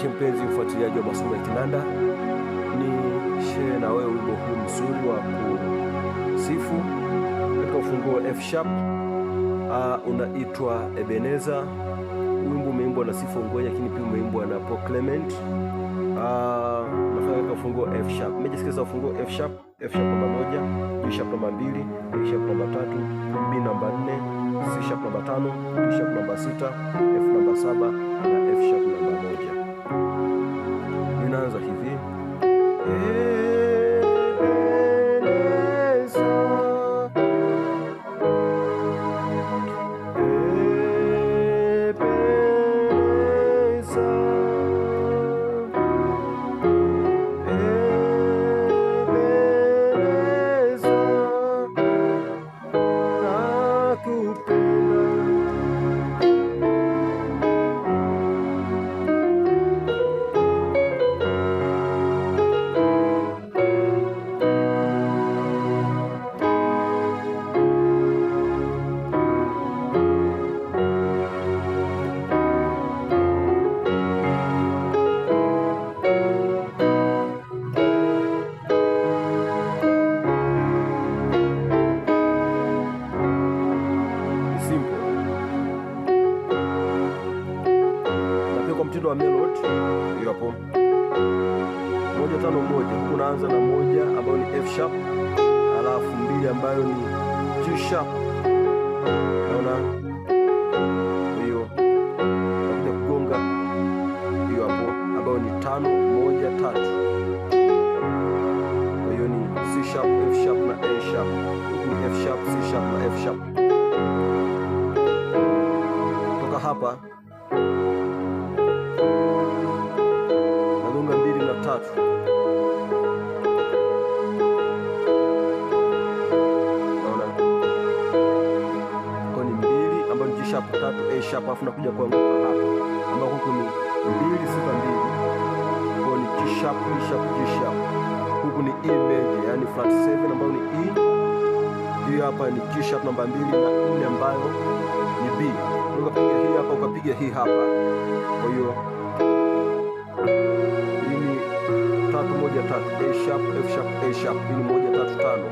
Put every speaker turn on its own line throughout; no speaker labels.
Karibishe mpenzi mfuatiliaji wa masomo ya kinanda, ni share na wewe wimbo huu mzuri wa kusifu katika ufunguo wa F sharp, ah, unaitwa Ebeneza. Wimbo umeimbwa na Sifa Ngwenya, lakini pia umeimbwa na Paul Clement ah, katika ufunguo F sharp. Mmejisikia ufunguo F sharp, F sharp namba moja, G sharp namba mbili, A sharp namba tatu, B namba nne, C sharp namba tano, D sharp namba sita, F namba saba na F sharp namba moja. Deus a viver. wa Main hiyo hapo moja tano moja, unaanza na moja ambayo ni F sharp, alafu mbili ambayo ni G sharp sharp tatu A sharp, alafu nakuja kwa nguvu hapa, ambao huku ni mbili sita mbili, kwa ni G sharp E sharp G sharp. Huku ni E major, yani flat 7 ambayo ni E. Hiyo hapa ni G sharp namba mbili na nne ambayo ni B. Ukapiga hii hapa, ukapiga hii hapa, kwa hiyo tatu moja tatu A sharp F sharp A sharp, ni moja tatu tano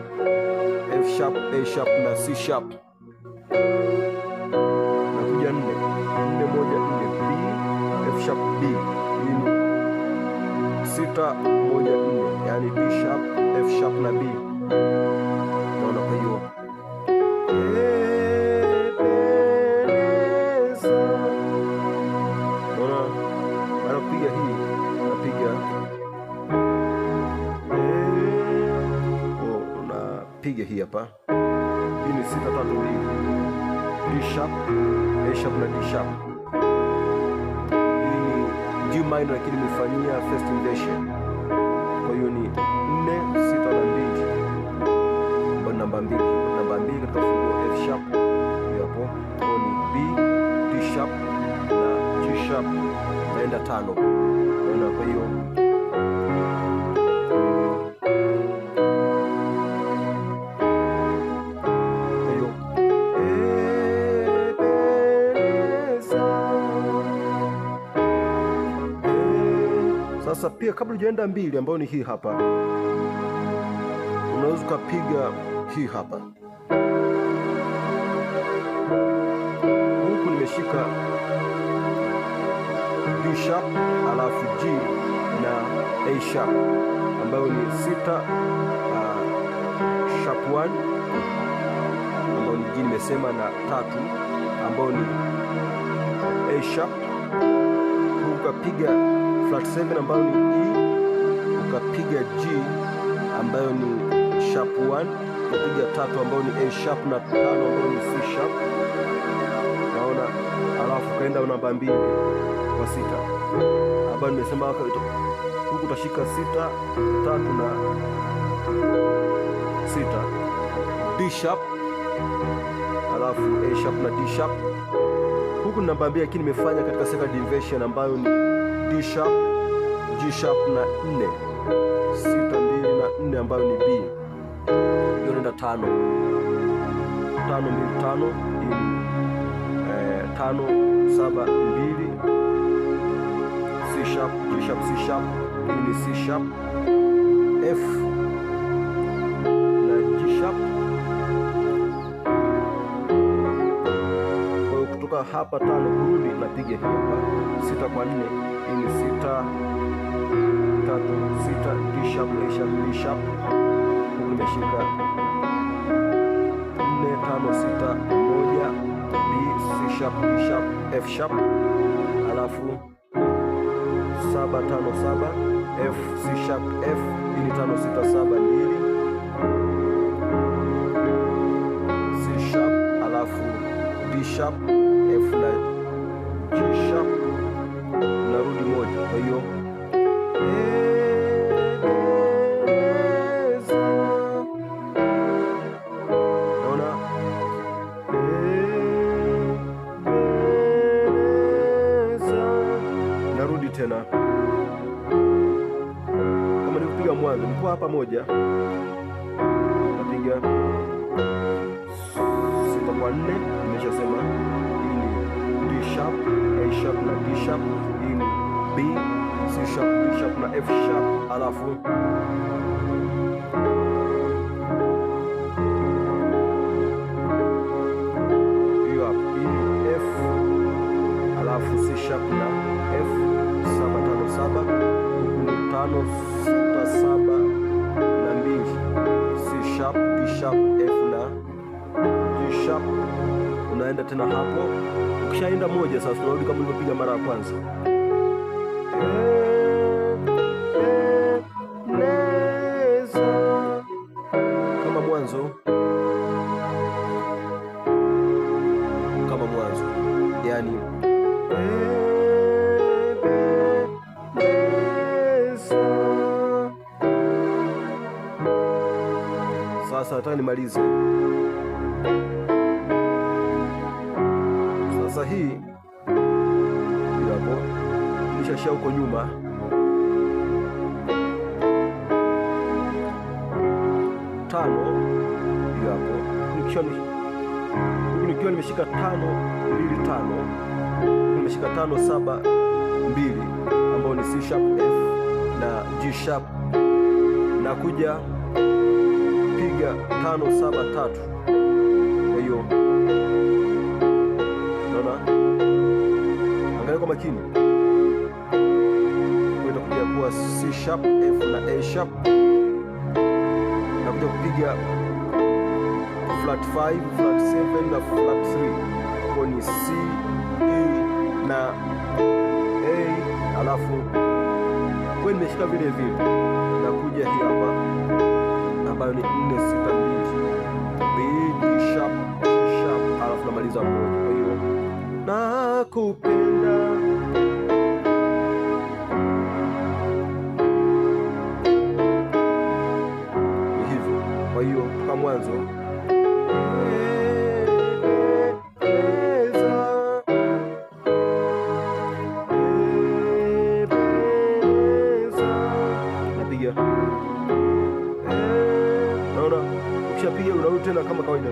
F sharp A sharp na C sharp. nukta moja nne yani B sharp, F sharp na B. Naona kwa hiyo hii napiga eh, oh, hapa, hii ni sita tatu mbili, sharp, A sharp na D sharp you mind lakini mifanyia first invasion. Kwa hiyo ni 4 6 na mbili kwa namba 2, namba 2 katika fungu F sharp hapo ni B D sharp na G sharp naenda tano. Kwa hiyo Sasa pia kabla hujaenda mbili, ambayo ni hii hapa, unaweza ukapiga hii hapa huku, nimeshika D sharp alafu G na A sharp ambayo ni sita ah, sharp 1 ambayo ni G nimesema, na tatu ambayo ni A sharp, huku ukapiga flat 7 ambayo ni E, ukapiga G ambayo ni sharp 1, ukapiga tatu ambayo ni A sharp na tano ambayo ni C sharp, naona alafu kaenda namba mbili kwa sita ambayo nimesema huku, utashika sita tatu na sita D sharp alafu A sharp na D sharp huku ninabambia lakini nimefanya katika second inversion ambayo ni D sharp, G sharp na 4 sita mbili na 4 ambayo ni B. Hiyo nenda tano tano mbili tano ini e, eh, tano saba mbili C sharp, G sharp, C sharp ini C sharp F kutoka hapa, tano kurudi, napiga hii hapa sita kwa nne, ini sita tatu sita, D sharp A sharp D sharp, huku nimeshika nne tano sita moja, B C sharp D sharp F sharp, alafu saba tano saba F C sharp F, ini tano sita saba mbili C sharp alafu D sharp elfu na kisha narudi moja. Kwa hiyo narudi tena kama nikupiga mwanzo, nikuwa hapa moja, napiga sita kwa nne, nimeshasema sharp, A sharp na D sharp, hii ni B, C sharp, D sharp na F sharp, alafu hiyo hapa E F, alafu C sharp na F, saba tano saba, tano sita saba na mbili, C sharp, D sharp, F na G sharp unaenda tena hapo. Ukishaenda moja sasa, tunarudi kama ulivyopiga mara ya kwanza. Kama mwanzo, kama mwanzo, yani sasa nataka nimalize sasa hii hapo nishashia huko nyuma, tano hiyo hapo, nikiwa nimeshika tano mbili tano, nimeshika tano saba mbili, ambayo ni C sharp F na G sharp, na kuja piga tano saba tatu, kwa hiyo Unaona, angalia kwa makini, itakuja kuwa C sharp F na A sharp, nakuja kupiga flat 5 flat 7 na flat 3, kwa ni C E na A, alafu kwa nimeshika vile vile, nakuja hii hapa ambayo ni 4 6 2 B sharp, C sharp, alafu namaliza moja, kwa hiyo
nakupenda.
Ni hivyo, kwa hiyo kwa mwanzo ukishapiga unarudi tena kama kawaida.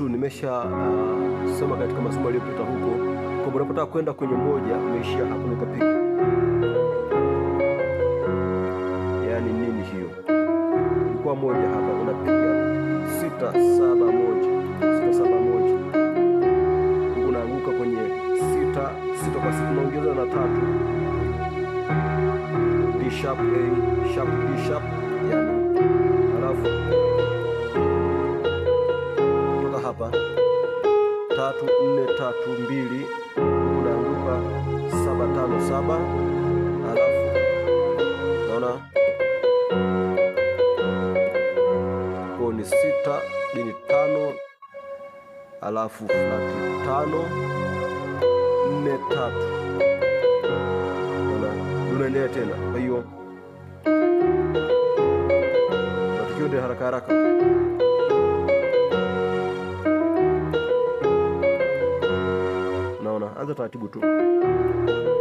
kitu nimesha uh, ah, sema katika masomo yaliyopita huko kwa unapotaka kwenda kwenye moja umeishia hapo. tatu nne tatu mbili unaanguka saba tano saba, alafu naona ko ni sita dini tano, alafu flati tano nne tatu, unaendelea tena. Kwa hiyo natukio haraka haraka അതൊരു ആറ്റിബ്യൂട്ടും